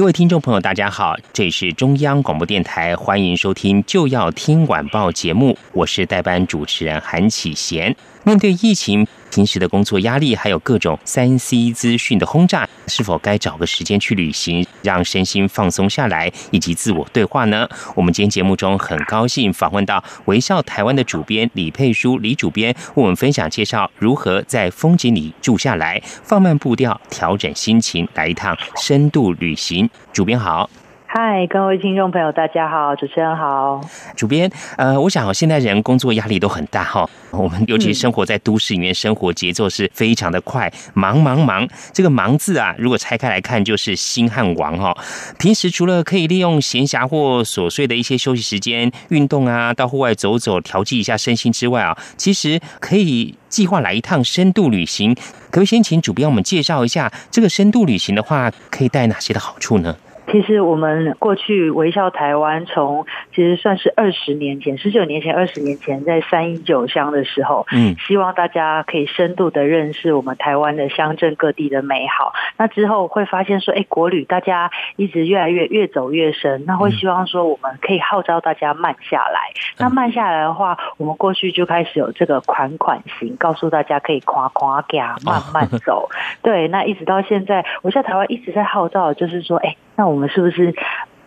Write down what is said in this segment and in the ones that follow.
各位聽眾朋友，大家好，這裡是中央廣播電台，歡迎收聽就要聽晚報節目，我是代班主持人韓啟賢，面對疫情，平時的工作壓力，還有各種 3C 資訊的轟炸，是否該找個時間去旅行，讓身心放鬆下來，以及自我對話呢？我們今天節目中很高興訪問到《微笑台灣》的主編李佩書，李主編，為我們分享介紹如何在風景裡住下來，放慢步調，調整心情，來一趟深度旅行。主編好。嗨，各位聽眾朋友，大家好，主持人好，主編，呃，我想哦，現代人工作壓力都很大哈、哦，我們尤其生活在都市裡面，嗯，生活節奏是非常的快，忙忙忙，這個“忙”字啊，如果拆開來看，就是“心”和“亡”哦。平時除了可以利用閒暇或瑣碎的一些休息時間運動啊，到戶外走走，調劑一下身心之外啊，其實可以計劃來一趟深度旅行。可不可以先請主編我們介紹一下，這個深度旅行的話，可以帶哪些的好處呢？其實我們過去微笑台灣，從其實算是二十年前、十九年前、二十年前，在三一九鄉的時候，嗯，希望大家可以深度的認識我們台灣的鄉鎮各地的美好。那之後會發現說，哎、欸，國旅大家一直越來越越走越深，那會希望說我們可以號召大家慢下來。嗯、那慢下來的話，我們過去就開始有這個款款行，告訴大家可以垮垮給啊，慢慢走、哦。對，那一直到現在，微笑台灣一直在號召，就是說，哎、欸，那我。我們是不是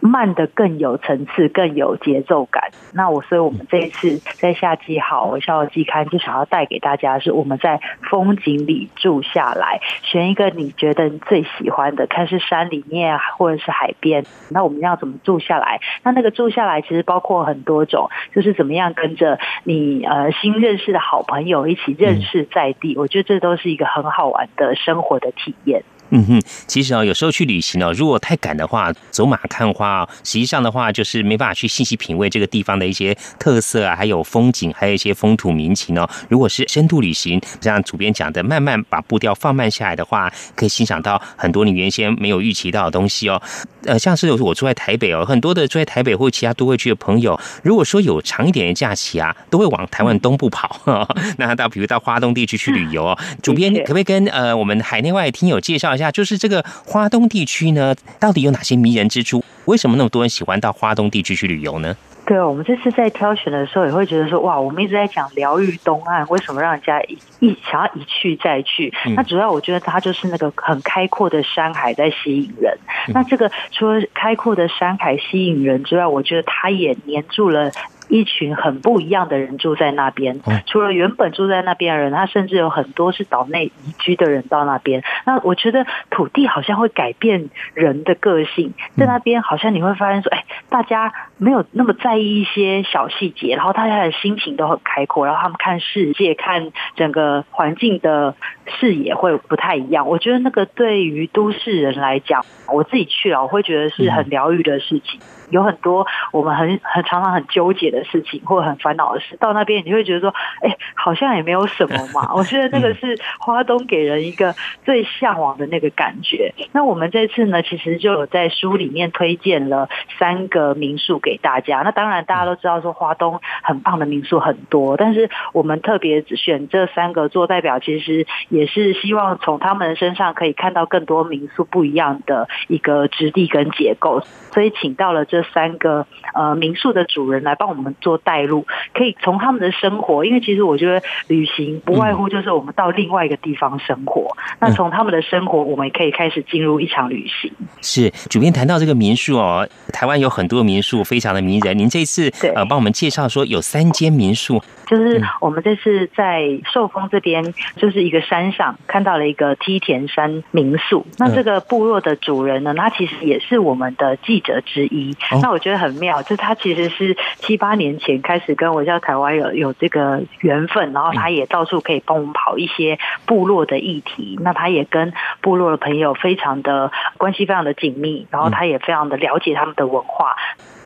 慢得更有層次，更有節奏感？那我，所以我們這一次在夏季好微笑季刊就想要帶給大家是我們在風景裡住下來，選一個你覺得你最喜歡的，看是山裡面啊，或者是海邊。那我們要怎麼住下來？那那個住下來其實包括很多種，就是怎麼樣跟着你呃新認識的好朋友一起認識在地。嗯。我覺得這都是一個很好玩的生活的體驗。嗯哼，其實哦，有時候去旅行哦，如果太趕的話，走馬看花哦，實際上的話就是沒辦法去細細品味這個地方的一些特色啊，還有風景，還有一些風土民情哦。如果是深度旅行，像主編講的，慢慢把步調放慢下來的話，可以欣賞到很多你原先沒有預期到的東西哦。呃，像是有時候我住在台北哦，很多的住在台北或其他都會區的朋友，如果說有長一點的假期啊，都會往台灣東部跑，呵呵，那到比如到花東地區去旅遊。主編，可不可以跟呃我們海內外的聽友介紹一下，就是這個花東地區呢，到底有哪些迷人之處？為什麼那麼多人喜歡到花東地區去旅遊呢？對，我們這次在挑選的時候，也會覺得說，哇，我們一直在講療愈東岸，為什麼讓人家一一想要一去再去？嗯。那主要我覺得它就是那個很開闊的山海在吸引人。嗯。那這個除了開闊的山海吸引人之外，我覺得它也黏住了。一群很不一樣的人住在那邊，除了原本住在那邊的人，他甚至有很多是島內移居的人到那邊。那我覺得土地好像會改變人的個性，在那邊好像你會發現說，哎、欸，大家沒有那麼在意一些小細節，然後大家的心情都很開闊，然後他們看世界、看整個環境的視野會不太一樣。我覺得那個對於都市人來講，我自己去了，我會覺得是很療癒的事情。嗯。有很多我們很很常常很糾結的事情，或者很煩惱的事，到那邊你會覺得說，哎、欸，好像也沒有什麼嘛。我覺得那個是花東給人一個最嚮往的那個感覺。那我們這次呢，其實就有在書裡面推薦了三個民宿給大家。那當然大家都知道說花東很棒的民宿很多，但是我們特別選這三個做代表，其實也是希望從他們身上可以看到更多民宿不一樣的一個質地跟結構。所以請到了這。三個呃、民宿的主人來幫我們做帶路，可以從他們的生活，因為其實我覺得旅行不外乎就是我們到另外一個地方生活。嗯、那從他們的生活，我們也可以開始進入一場旅行。是，主編談到這個民宿哦，台灣有很多民宿非常的迷人。您這一次呃，幫我們介紹說有三間民宿，就是我們這次在壽豐這邊，就是一個山上看到了一個梯田山民宿。那這個部落的主人呢，他其實也是我們的記者之一。那我覺得很妙，就他其實是七八年前開始跟我在台灣有有這個緣分，然後他也到處可以幫我們跑一些部落的議題。那他也跟部落的朋友非常的關係非常的緊密，然後他也非常的了解他們的文化。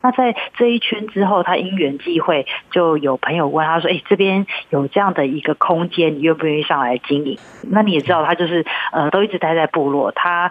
那在這一圈之後，他因緣際會就有朋友問他說：“誒，這邊有這樣的一個空間，你願不願意上來經營？”那你也知道，他就是呃，都一直待在部落他。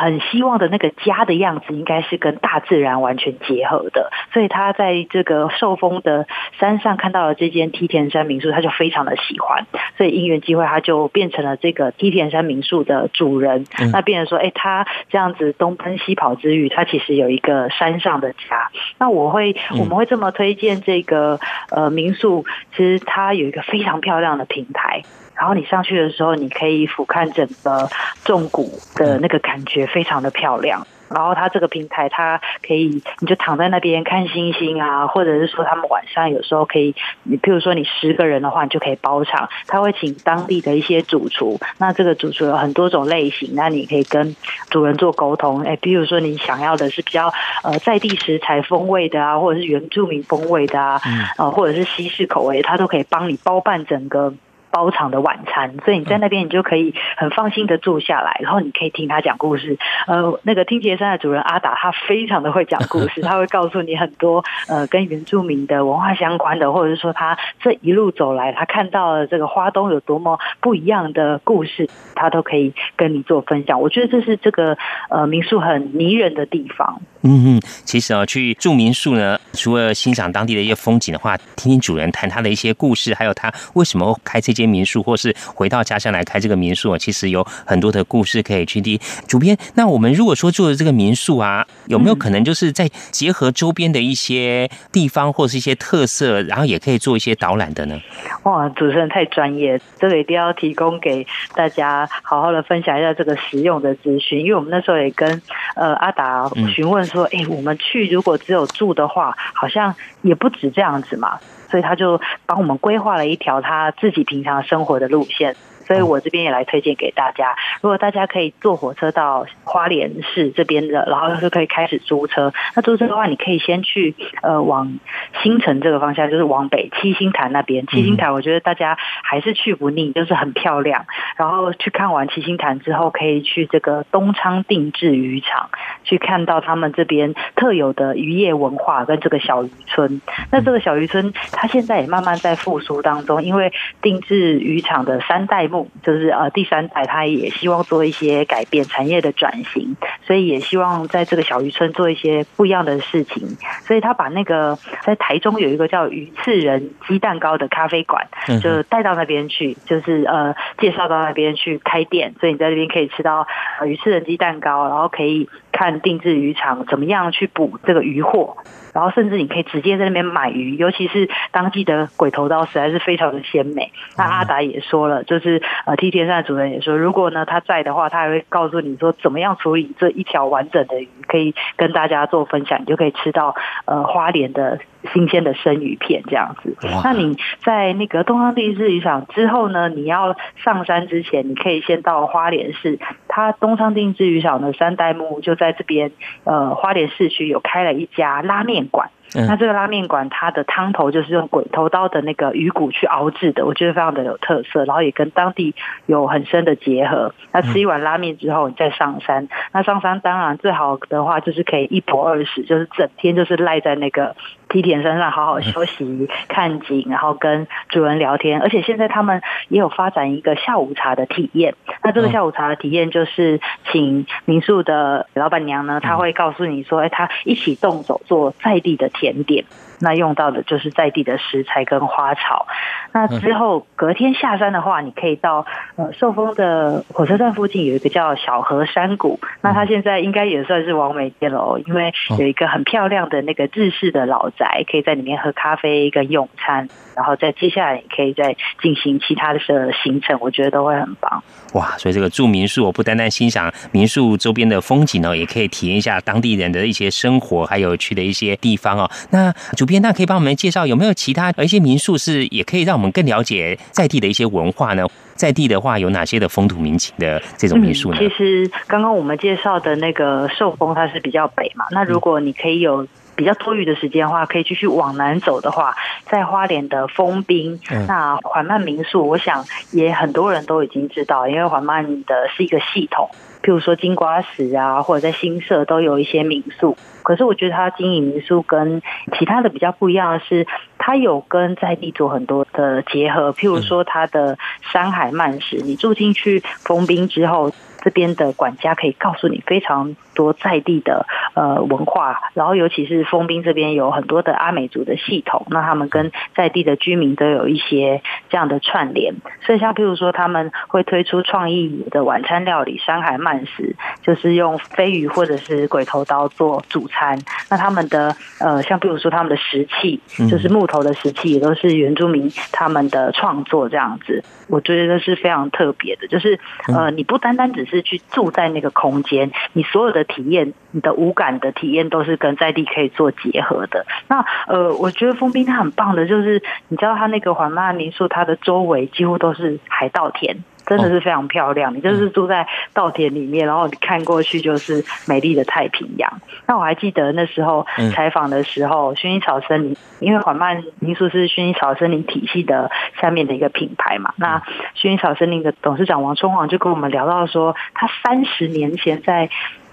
很希望的那個家的樣子，應該是跟大自然完全結合的。所以他在這個壽豐的山上看到了這間梯田山民宿，他就非常的喜歡。所以因緣機會，他就變成了這個梯田山民宿的主人。那變成說，哎、欸，他這樣子東奔西跑之餘，他其實有一個山上的家。那我會，我們會這麼推薦這個呃民宿，其實它有一個非常漂亮的平台。然後你上去的時候，你可以俯瞰整個縱谷的那個感覺，非常的漂亮。然後它這個平台，它可以，你就躺在那邊看星星啊，或者是說他們晚上有時候可以，你譬如說你十個人的話，你就可以包場。他會請當地的一些主廚，那這個主廚有很多種類型，那你可以跟主人做溝通。哎，比如說你想要的是比較呃在地食材風味的啊，或者是原住民風味的啊、呃，或者是西式口味，他都可以幫你包辦整個。包場的晚餐，所以你在那邊，你就可以很放心的住下來，然後你可以聽他講故事。呃，那個聽杰山的主人阿達，他非常的會講故事，他會告訴你很多呃跟原住民的文化相關的，或者是說他這一路走來，他看到了這個花東有多麼不一樣的故事，他都可以跟你做分享。我覺得這是這個呃民宿很迷人的地方。嗯嗯，其實啊，哦，去住民宿呢，除了欣賞當地的一些風景的話，聽聽主人談他的一些故事，還有他為什麼開這間民宿，或是回到家鄉來開這個民宿，其實有很多的故事可以去聽。主編，那我們如果說住的這個民宿啊，有沒有可能就是在結合周邊的一些地方，或者是一些特色，然後也可以做一些導覽的呢？哇，主持人太專業，這個一定要提供給大家，好好的分享一下這個實用的資訊。因為我們那時候也跟呃阿達詢問說，哎、欸，我們去如果只有住的話，好像也不止這樣子嘛。所以他就幫我們規劃了一條他自己平常生活的路線。所以我這邊也來推薦給大家，如果大家可以坐火車到花蓮市這邊的，然後就可以開始租車。那租車的話，你可以先去呃往新城這個方向，就是往北七星潭那邊。七星潭我覺得大家還是去不膩，就是很漂亮。然後去看完七星潭之後，可以去這個東昌定置漁場，去看到他們這邊特有的漁業文化跟這個小漁村。那這個小漁村，它現在也慢慢在復甦當中，因為定置漁場的三代目。就是呃，第三代他也希望做一些改變產業的轉型，所以也希望在這個小漁村做一些不一樣的事情。所以他把那個在台中有一個叫魚刺人雞蛋糕的咖啡館，就帶到那邊去，就是呃，介紹到那邊去開店。所以你在這邊可以吃到魚刺人雞蛋糕，然後可以看定置漁場怎麼樣去捕這個漁獲，然後甚至你可以直接在那邊買魚，尤其是當季的鬼頭刀實在是非常的鮮美。那阿達也說了，就是。呃，梯田山的主人也說，如果呢，他在的話，他還會告訴你說，怎麼樣處理這一條完整的魚，可以跟大家做分享，你就可以吃到呃花蓮的新鮮的生魚片這樣子。那你在那個東昌定置漁場之後呢，你要上山之前，你可以先到花蓮市，他東昌定置漁場呢，三代目就在這邊呃花蓮市區有開了一家拉麵館。嗯、那這個拉麵館，它的湯頭就是用鬼頭刀的那個魚骨去熬製的，我覺得非常的有特色，然後也跟當地有很深的結合。那吃一碗拉麵之後，你再上山。那上山當然最好的話就是可以一泊二食，就是整天就是賴在那個梯田山上好好休息，嗯、看景，然後跟主人聊天。而且現在他們也有發展一個下午茶的體驗。那這個下午茶的體驗就是，請民宿的老闆娘呢、嗯，她會告訴你說：“哎、欸，她一起動手做在地的甜點。”那用到的就是在地的食材跟花草。那之後隔天下山的話，你可以到呃壽豐的火車站附近有一個叫小河山谷，那它現在應該也算是網美店哦，因為有一個很漂亮的那個日式的老宅，可以在裡面喝咖啡跟用餐，然後在接下來你可以再進行其他的行程，我覺得都會很棒。哇，所以這個住民宿，我不單單欣賞民宿周邊的風景哦，也可以體驗一下當地人的一些生活，還有去的一些地方哦。那住。那可以幫我們介紹，有沒有其他一些民宿是也可以讓我們更了解在地的一些文化呢？在地的話有哪些的風土民情的這種民宿呢？嗯，其實剛剛我們介紹的那個壽豐它是比較北嘛，那如果你可以有，嗯比較多餘的時間的話，可以繼續往南走的話，在花蓮的豐濱，那緩慢民宿，我想也很多人都已經知道，因為緩慢的是一個系統，譬如說金瓜石啊，或者在新社都有一些民宿。可是我覺得它經營民宿跟其他的比較不一樣的是。他有跟在地做很多的結合，譬如說他的山海慢食，你住進去豐濱之後，這邊的管家可以告訴你非常多在地的呃文化，然後尤其是豐濱這邊有很多的阿美族的系統，那他們跟在地的居民都有一些這樣的串聯。所以像譬如說他們會推出創意的晚餐料理，山海慢食就是用飛魚或者是鬼頭刀做主餐，那他們的呃像譬如說他們的食器就是木。頭的時期也都是原住民他們的創作這樣子，我覺得是非常特別的。就是呃，你不單單只是去住在那個空間，你所有的體驗，你的五感的體驗都是跟在地可以做結合的。那呃，我覺得豐濱它很棒的，就是你知道它那個緩慢民宿，它的周圍幾乎都是海稻田。真的是非常漂亮，哦，你就是住在稻田裡面，嗯、然後你看過去就是美麗的太平洋。那我還記得那時候採訪的時候，薰、嗯、衣草森林，因為緩慢民宿是薰衣草森林體系的下面的一個品牌嘛。嗯、那薰衣草森林的董事長王春華就跟我們聊到說，他三十年前在。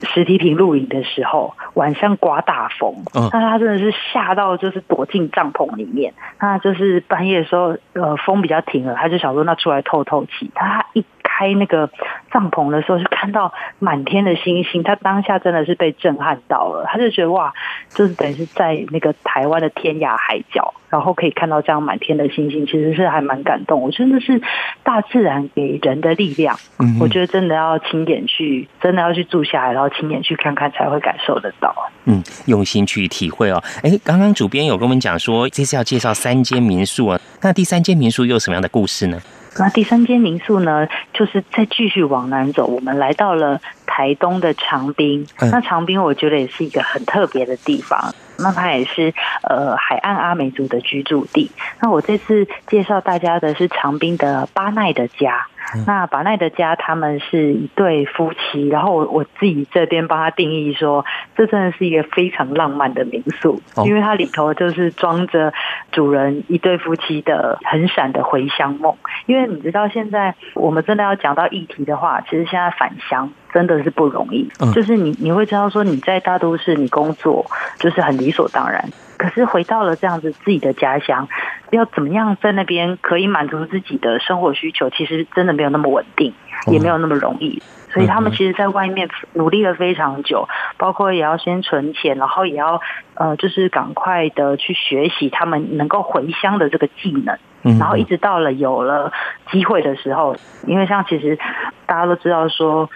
實體屏露營的時候，晚上刮大風，那、哦、他真的是嚇到，就是躲進帳篷裡面。他就是半夜的時候，呃，風比較停了，他就想說，那出來透透氣。他一。拍那個帳篷的時候，是看到滿天的星星，他當下真的是被震撼到了。他就覺得哇，就是等於是在那個台灣的天涯海角，然後可以看到這樣滿天的星星，其實是還蠻感動。我真的是大自然給人的力量，嗯、我覺得真的要親眼去，真的要去住下來，然後親眼去看看，才會感受得到。嗯，用心去體會哦。哎、欸，剛剛主編有跟我們講說，這次要介紹三間民宿啊，那第三間民宿又有什麼樣的故事呢？那第三間民宿呢，就是再繼續往南走，我們來到了台東的長濱。那長濱我覺得也是一個很特別的地方，那它也是，呃，海岸阿美族的居住地。那我這次介紹大家的是長濱的巴奈的家。嗯，那巴奈的家，他們是一對夫妻，然後我，我自己這邊幫他定義說，這真的是一個非常浪漫的民宿，因為它裡頭就是裝着主人一對夫妻的很閃的回鄉夢。因為你知道，現在我們真的要講到議題的話，其實現在返鄉真的是不容易，就是你你會知道說，你在大都市你工作就是很理所當然。可是回到了這樣子自己的家鄉，要怎麼樣在那邊可以滿足自己的生活需求？其實真的沒有那麼穩定，也沒有那麼容易。所以他們其實，在外面努力了非常久，包括也要先存錢，然後也要呃，就是趕快的去學習他們能夠回鄉的這個技能。然後一直到了有了機會的時候，因為像其實大家都知道說。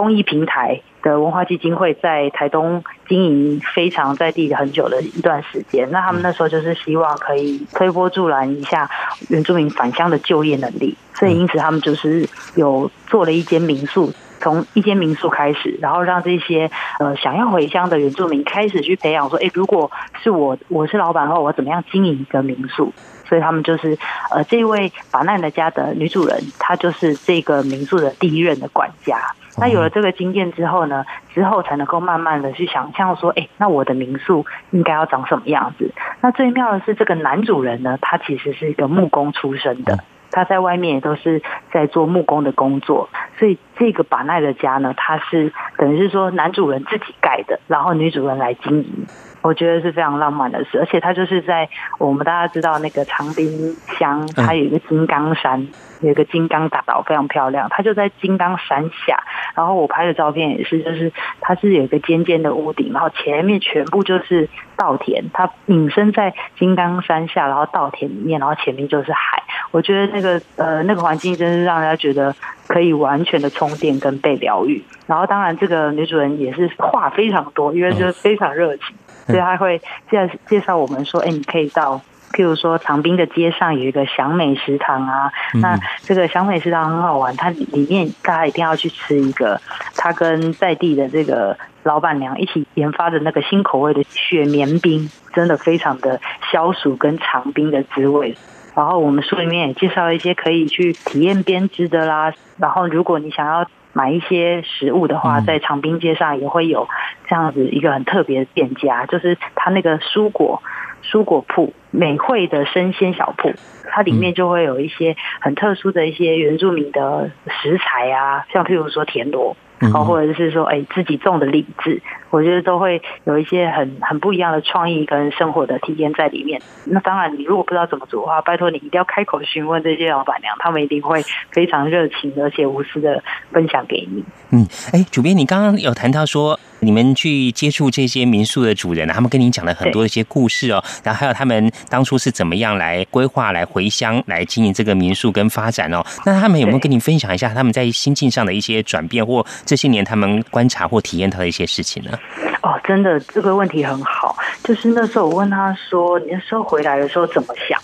公益平台的文化基金會在台東經營非常在地很久的一段時間，那他們那時候就是希望可以推波助瀾一下原住民返鄉的就業能力，所以因此他們就是有做了一間民宿，從一間民宿開始，然後讓這些呃，想要回鄉的原住民開始去培養，說哎，如果是我，我是老闆的話，我怎麼樣經營一個民宿？所以他們就是呃，這位法難的家的女主人，她就是這個民宿的第一任的管家。那有了這個經驗之後呢，之後才能夠慢慢的去想象說，哎、欸，那我的民宿應該要長什麼樣子？那最妙的是這個男主人呢，他其實是一個木工出身的，他在外面也都是在做木工的工作，所以這個巴奈的家呢，他是等於是說男主人自己蓋的，然後女主人來經營。我覺得是非常浪漫的事，而且它，就是在我們大家知道那個長濱鄉，它有一個金剛山，有一個金剛大道，非常漂亮。它就在金剛山下，然後我拍的照片也是，就是它是有一個尖尖的屋頂，然後前面全部就是稻田，它隱身在金剛山下，然後稻田裡面，然後前面就是海。我覺得那個呃那個環境真是讓人家覺得可以完全的充電跟被療癒。然後當然這個女主人也是話非常多，因為就是非常熱情。所以他會介介紹我們說，哎，你可以到，譬如說長濱的街上有一個祥美食堂啊。嗯、那這個祥美食堂很好玩，它裡面大家一定要去吃一個，他跟在地的這個老闆娘一起研發的那個新口味的雪綿冰，真的非常的消暑跟長濱的滋味。然後我們書裡面也介紹一些可以去體驗編織的啦。然後如果你想要。買一些食物的話，在長濱街上也會有這樣子一個很特別的店家，就是它那個蔬果、蔬果鋪美惠的生鮮小鋪，它裡面就會有一些很特殊的一些原住民的食材啊，像譬如說田螺。哦、嗯，或者就是說，誒、欸、自己種的荔枝，我覺得都會有一些很很不一樣的創意跟生活的體驗在裡面。那當然，你如果不知道怎麼做的話，拜托你一定要開口詢問這些老闆娘，他們一定會非常熱情而且無私的分享給你。嗯，哎、欸，主編，你剛剛有談到說。你們去接觸這些民宿的主人啊，他們跟你講了很多的一些故事哦，然後還有他們當初是怎麼樣來規劃、來回鄉、來經營這個民宿跟發展哦。那他們有沒有跟你分享一下他們在心境上的一些轉變，或這些年他們觀察或體驗到的一些事情呢？哦，真的，這個問題很好。就是那時候我問他說：“你那時候回來的時候怎麼想？”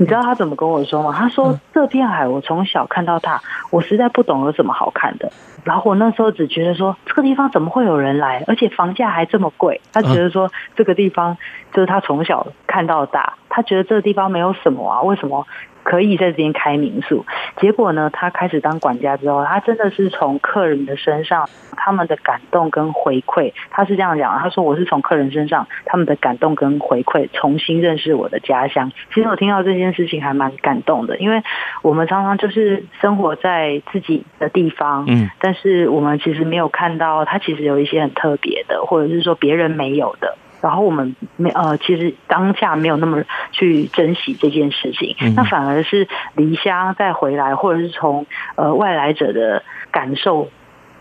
你知道他怎麼跟我說嗎？他說：“這片海，我從小看到大，我實在不懂有什麼好看的。然後我那時候只覺得說，這個地方怎麼會有人來，而且房價還這麼貴。他覺得說，這個地方就是他從小看到大。”他覺得這個地方沒有什麼啊，為什麼可以在這邊開民宿？結果呢，他開始當管家之後，他真的是從客人的身上，他們的感動跟回饋，他是這樣講，他說：“我是從客人身上，他們的感動跟回饋，重新認識我的家鄉。”其實我聽到這件事情還蠻感動的，因為我們常常就是生活在自己的地方，嗯，但是我們其實沒有看到，他其實有一些很特別的，或者是說別人沒有的。然後我們沒呃，其實當下沒有那麼去珍惜這件事情，嗯嗯，那反而是離鄉再回來，或者是從呃外來者的感受。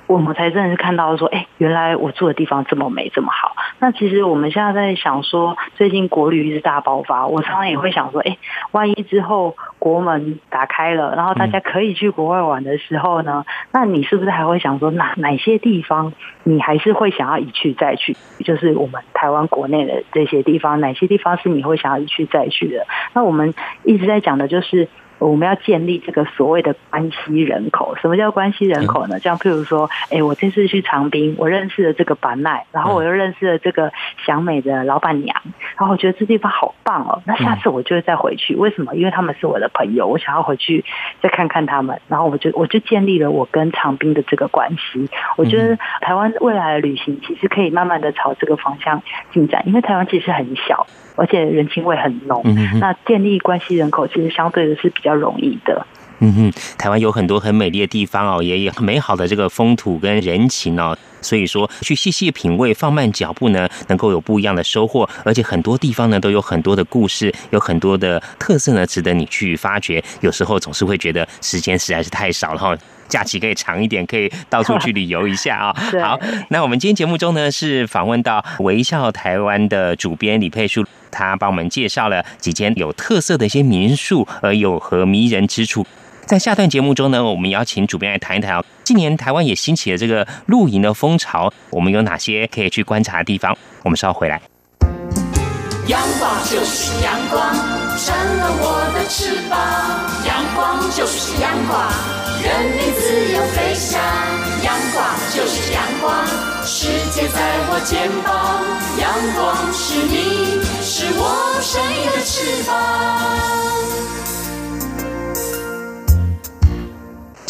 我們才真的是看到說，誒、欸、原來我住的地方這麼美這麼好。那其實我們現在在想說，最近國旅一直大爆發，我常常也會想說，誒、欸、萬一之後國門打開了，然後大家可以去國外玩的時候呢，嗯、那你是不是還會想說，哪哪些地方你還是會想要一去再去？就是我們台灣國內的這些地方，哪些地方是你會想要一去再去的？那我們一直在講的就是。我們要建立這個所謂的關係人口。什麼叫關係人口呢？像譬如說，誒，我這次去長濱，我認識了這個巴奈，然後我又認識了這個小美的老闆娘，然後我覺得這地方好棒哦，那下次我就會再回去。為什麼？因為他們是我的朋友，我想要回去再看看他們，然後我就我就建立了我跟長濱的這個關係。我覺得台灣未來的旅行其實可以慢慢的朝這個方向進展，因為台灣其實很小。而且人情味很濃、嗯，那建立關係人口其實相對的是比較容易的。嗯哼，台灣有很多很美麗的地方哦，也有很美好的這個風土跟人情哦。所以說，去細細品味，放慢腳步呢，能夠有不一樣的收穫。而且很多地方呢，都有很多的故事，有很多的特色呢，值得你去發掘。有時候總是會覺得時間實在是太少了哈、哦，假期可以長一點，可以到處去旅遊一下啊、哦。好，那我們今天節目中呢，是訪問到《微笑台灣》的主編李佩書，她幫我們介紹了幾間有特色的一些民宿，而有何迷人之處。在下段節目中呢，我們邀請主編來談一談，哦，今年台灣也興起了這個露營的風潮，我們有哪些可以去觀察的地方？我們稍後回來。陽光就是陽光，成了我的翅膀。陽光就是陽光，人民自由飛翔。陽光就是陽光，世界在我肩膀。陽光是你，是我。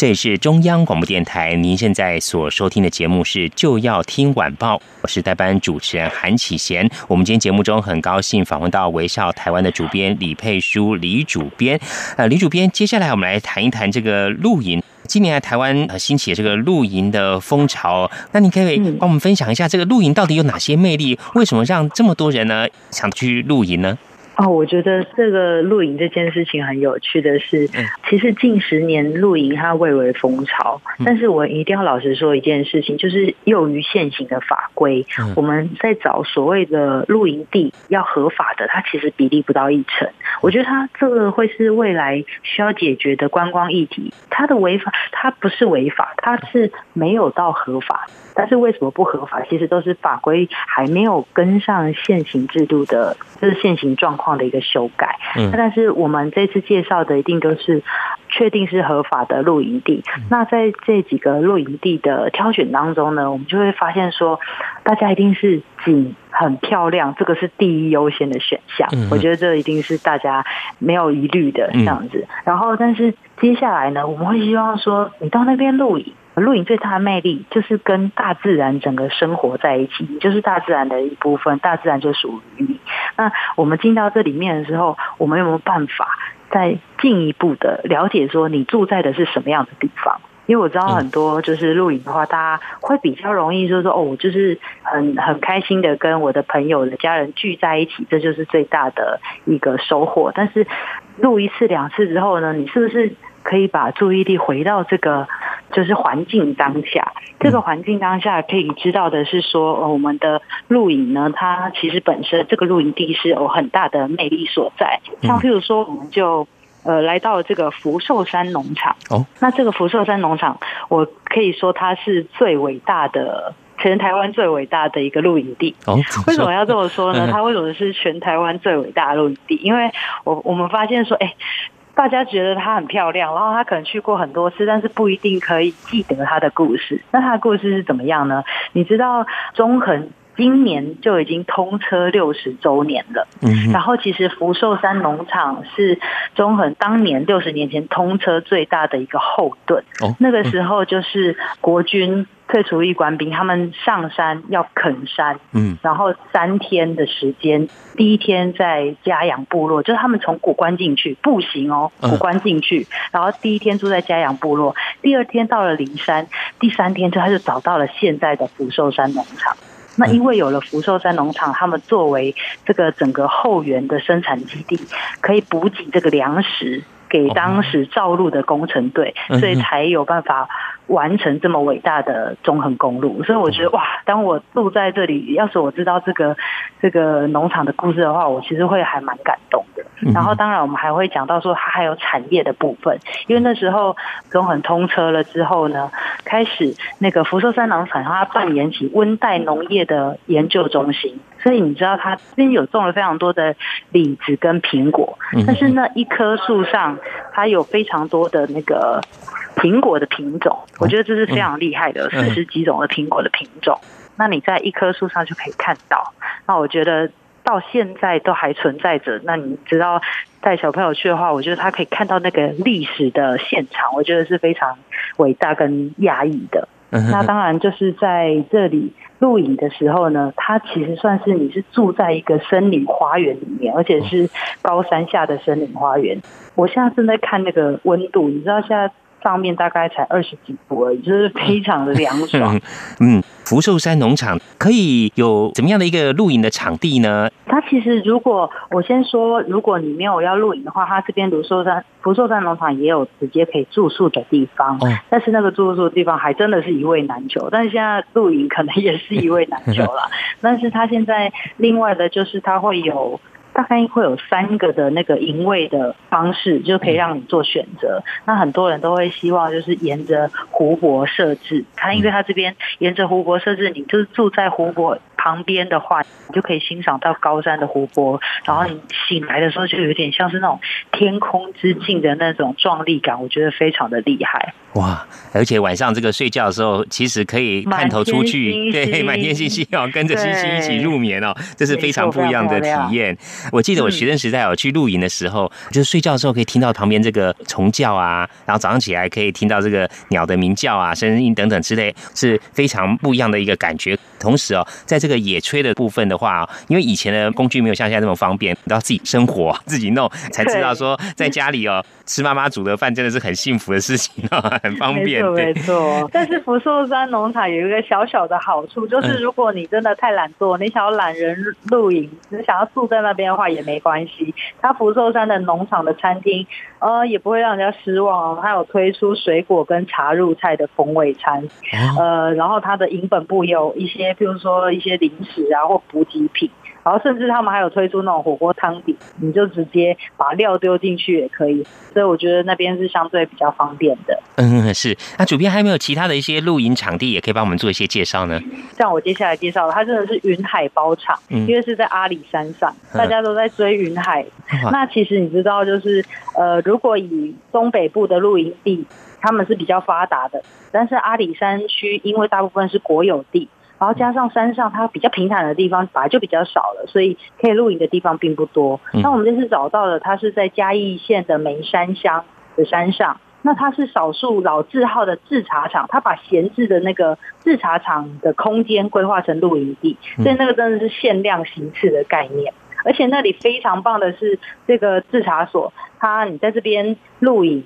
這裡是中央廣播電台，您現在所收聽的節目是《就要聽晚報》，我是代班主持人韓啟賢。我們今天節目中很高興訪問到《微笑台灣》的主編李佩書李主編。呃，李主編，接下來我們來談一談這個露營。近年來台灣呃興起這個露營的風潮，那你可以幫我們分享一下這個露營到底有哪些魅力？為什麼讓這麼多人呢想去露營呢？哦，我覺得這個露營這件事情很有趣的是，其實近十年露營它蔚為風潮，但是我一定要老實說一件事情，就是囿於現行的法規，我們在找所謂的露營地要合法的，它其實比例不到一成。我覺得它這個會是未來需要解決的觀光議題，它的違法，它不是違法，它是沒有到合法。但是為什麼不合法？其實都是法規還沒有跟上現行制度的，就是現行狀況的一個修改。嗯，但是我們這次介紹的一定都是確定是合法的露營地。嗯。那在這幾個露營地的挑選當中呢，我們就會發現說，大家一定是景很漂亮，這個是第一優先的選項。嗯。我覺得這一定是大家沒有疑慮的這樣子。嗯。然後，但是接下來呢，我們會希望說，你到那邊露營。露營最大的魅力就是跟大自然整個生活在一起，你就是大自然的一部分，大自然就屬於你。那我們進到這裡面的時候，我們有沒有辦法再進一步的了解說你住在的是什麼樣的地方？因為我知道很多就是露營的話，大家會比較容易說說哦，我就是很很開心的跟我的朋友的家人聚在一起，這就是最大的一個收穫。但是露一次兩次之後呢，你是不是？可以把注意力回到這個，就是環境當下。嗯。這個環境當下可以知道的是說，呃，我們的露營呢，它其實本身這個露營地是有很大的魅力所在。像譬如說，我們就呃來到了這個福壽山農場。哦，那這個福壽山農場，我可以說它是最偉大的，全台灣最偉大的一個露營地。哦，為什麼要這麼說呢？它為什麼是全台灣最偉大的露營地？嗯。因為我我們發現說，哎。大家覺得她很漂亮，然後她可能去過很多次，但是不一定可以記得她的故事。那她的故事是怎麼樣呢？你知道中橫今年就已經通車六十週年了，嗯，然後其實福壽山農場是中橫當年六十年前通車最大的一個後盾，那個時候就是國軍。退除役官兵他們上山要墾山，嗯，然後三天的時間，第一天在嘉陽部落，就是他們從古關進去，步行哦，古關進去，嗯、然後第一天住在嘉陽部落，第二天到了靈山，第三天就他就找到了現在的福壽山農場。嗯。那因為有了福壽山農場，他們作為這個整個後援的生產基地，可以補給這個糧食給當時造路的工程隊，嗯，所以才有辦法。完成這麼偉大的中橫公路，所以我覺得哇，當我住在這裡，要是我知道這個這個農場的故事的話，我其實會還蠻感動的。然後，當然我們還會講到說，它還有產業的部分，因為那時候中橫通車了之後呢，開始那個福壽山農場它扮演起溫帶農業的研究中心，所以你知道它這邊有種了非常多的李子跟蘋果，但是那一棵樹上它有非常多的那個。蘋果的品種，我覺得這是非常厲害的，四十幾種的蘋果的品種。那你在一棵樹上就可以看到。那我覺得到現在都還存在着。那你知道帶小朋友去的話，我覺得他可以看到那個歷史的現場，我覺得是非常偉大跟壓抑的。那當然就是在這裡錄影的時候呢，它其實算是你是住在一個森林花園裡面，而且是高山下的森林花園。我現在正在看那個溫度，你知道現在。上面大概才二十幾度而已，就是非常的涼爽。 嗯，福壽山農場可以有怎麼樣的一個露營的場地呢？它其實如果我先說，如果你沒有要露營的話，它這邊福壽山、福壽山農場也有直接可以住宿的地方。但是那個住宿的地方還真的是一位難求。但是現在露營可能也是一位難求了。 但是它現在另外的就是它會有。大概會有三個的那個營位的方式，就可以讓你做選擇。那很多人都會希望就是沿着湖泊設置，它因為它這邊沿着湖泊設置，你就是住在湖泊旁邊的話。你就可以欣賞到高山的湖泊，然後你醒來的時候就有點像是那種天空之鏡的那種壯麗感，我覺得非常的厲害。哇！而且晚上這個睡覺的時候，其實可以探頭出去，對，滿天星星哦、喔，跟着星星一起入眠哦、喔，這是非常不一樣的體驗。我記得我學生時代我、喔、去露營的時候，嗯、就是睡覺的時候可以聽到旁邊這個蟲叫啊，然後早上起來可以聽到這個鳥的鳴叫啊，聲音等等之類，是非常不一樣的一個感覺。同時哦、喔，在這個野炊的部分的話話，因為以前的工具沒有像現在這麼方便，你都要自己生活，自己弄，才知道說在家裡哦，吃媽媽煮的飯真的是很幸福的事情，很方便。對沒錯。但是福壽山農場有一個小小的好處，就是如果你真的太懶惰，你想要懶人露營，只想要住在那邊的話也沒關係。它福壽山的農場的餐廳，呃，也不會讓人家失望。它有推出水果跟茶入菜的風味餐，呃，然後它的營本部有一些，譬如說一些零食啊，或極品，然後甚至他們還有推出那種火鍋湯底，你就直接把料丟進去也可以。所以我覺得那邊是相對比較方便的。嗯，是。那主編還有沒有其他的一些露營場地也可以幫我們做一些介紹呢？像我接下來介紹的，它真的是雲海包場，嗯，因為是在阿里山上，大家都在追雲海。嗯，那其實你知道，就是呃，如果以東北部的露營地，他們是比較發達的，但是阿里山區因為大部分是國有地。然後加上山上，它比較平坦的地方本來就比較少了，所以可以露營的地方並不多。嗯、那我們這次找到了，它是在嘉義縣的梅山鄉的山上。那它是少數老字號的製茶廠，它把閒置的那個製茶廠的空間規劃成露營地，所以那個真的是限量形式的概念。而且那裡非常棒的是，這個製茶所，它你在這邊露營。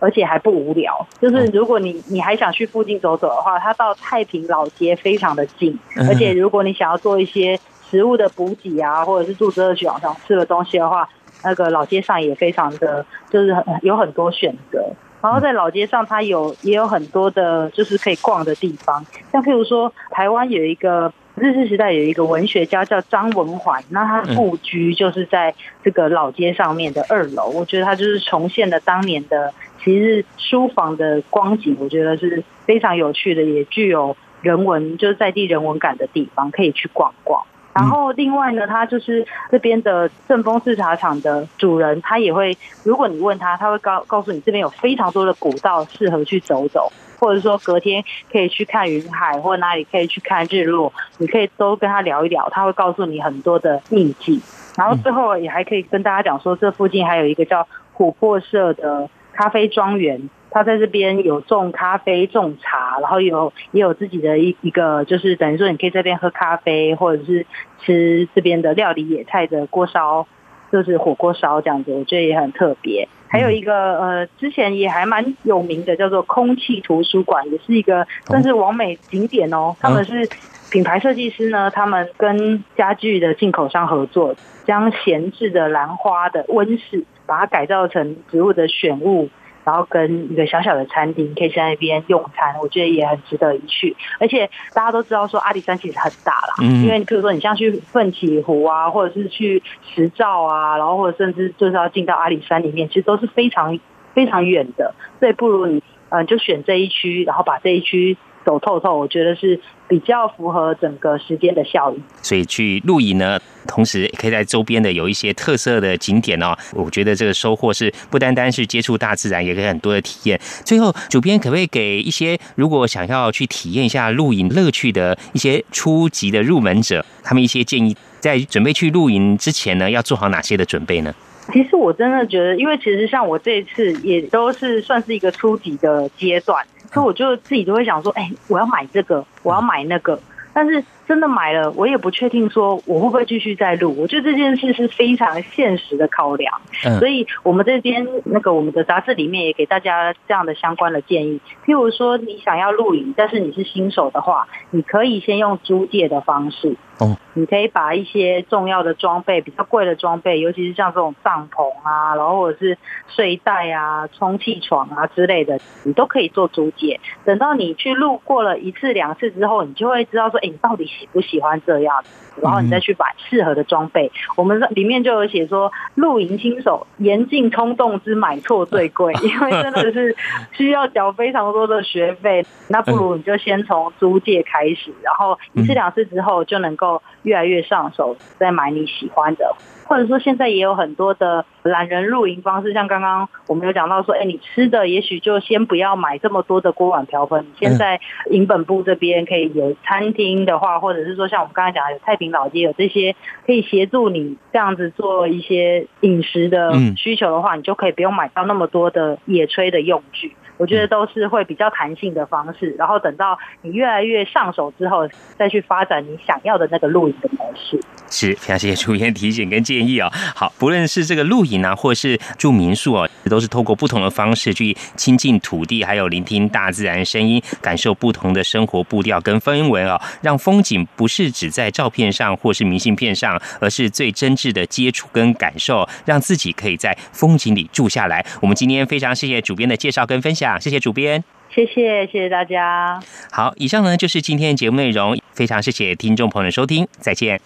而且還不無聊，就是如果你你還想去附近走走的話，它到太平老街非常的近。而且如果你想要做一些食物的補給啊，或者是肚子餓去晚上吃的東西的話，那個老街上也非常的，就是很有很多選擇。然後在老街上，它有也有很多的，就是可以逛的地方。像譬如說，台灣有一個日治時代有一個文學家叫張文環，那他故居就是在這個老街上面的二樓。我覺得他就是重現了當年的。其實書房的光景，我覺得是非常有趣的，也具有人文，就是在地人文感的地方，可以去逛逛。然後另外呢，他就是這邊的正豐製茶廠的主人，他也會如果你問他，他會告告訴你這邊有非常多的古道適合去走走，或者說隔天可以去看雲海，或者哪裡可以去看日落，你可以都跟他聊一聊，他會告訴你很多的秘境。然後最後也還可以跟大家講說，這附近還有一個叫琥珀色的。咖啡莊園，他在這邊有種咖啡、種茶，然後也有也有自己的一一個，就是等於說，你可以在這邊喝咖啡，或者是吃這邊的料理、野菜的鍋燒，就是火鍋燒這樣子，我覺得也很特別。嗯。還有一個呃，之前也還蠻有名的，叫做空氣圖書館，也是一個算是網美景點哦。嗯。他們是。品牌設計師呢，他們跟家具的進口商合作，將閒置的蘭花的溫室，把它改造成植物的選物，然後跟一個小小的餐廳，可以在那邊用餐。我覺得也很值得一去。而且大家都知道說阿里山其實很大啦，嗯，因為比如說你像去奮起湖啊，或者是去石棹啊，然後或者甚至就是要進到阿里山裡面，其實都是非常非常遠的。所以不如你，嗯，就選這一區，然後把這一區走透透，我覺得是比較符合整個時間的效益。所以去露營呢，同時也可以在周邊的有一些特色的景點哦。我覺得這個收穫是不單單是接觸大自然，也可以很多的體驗。最後，主編可不可以給一些如果想要去體驗一下露營樂趣的一些初級的入門者，他們一些建議，在準備去露營之前呢，要做好哪些的準備呢？其實我真的覺得，因為其實像我這一次也都是算是一個初級的階段。所以我就自己都會想說，哎、欸，我要買這個，我要買那個，但是。真的買了，我也不確定說我會不會繼續再錄。我覺得這件事是非常現實的考量，嗯、所以我們這邊那個我們的雜誌裡面也給大家這樣的相關的建議。譬如說，你想要露營，但是你是新手的話，你可以先用租借的方式。哦、嗯，你可以把一些重要的裝備、比較貴的裝備，尤其是像這種帳篷啊，然後或者是睡袋啊、充氣床啊之類的，你都可以做租借。等到你去露過了一次、兩次之後，你就會知道說，哎、欸，你到底。喜不喜歡這樣？然後你再去買適合的裝備。我們裡面就有寫說，露營新手嚴禁衝動之買錯最貴，因為真的是需要繳非常多的學費。那不如你就先從租借開始，然後一次兩次之後就能夠越來越上手，再買你喜歡的。或者說，現在也有很多的懶人露營方式，像剛剛我們有講到說，誒，你吃的也許就先不要買這麼多的鍋碗瓢盆。你現在營本部這邊可以有餐廳的話，或者是說像我們剛才講的有太平老街，有這些可以協助你這樣子做一些飲食的需求的話，你就可以不用買到那麼多的野炊的用具。我覺得都是會比較彈性的方式，然後等到你越來越上手之後，再去發展你想要的那個露營的模式，嗯。是，非常謝謝朱燕提醒跟建議啊，哦。好，不論是這個露營啊，或是住民宿哦，啊。都是透過不同的方式去親近土地，還有聆聽大自然聲音，感受不同的生活步調跟氛圍哦，讓風景不是只在照片上或是明信片上，而是最真摯的接觸跟感受，讓自己可以在風景裡住下來。我們今天非常謝謝主編的介紹跟分享，謝謝主編，謝謝謝謝大家。好，以上呢就是今天的節目內容，非常謝謝聽眾朋友的收聽，再見。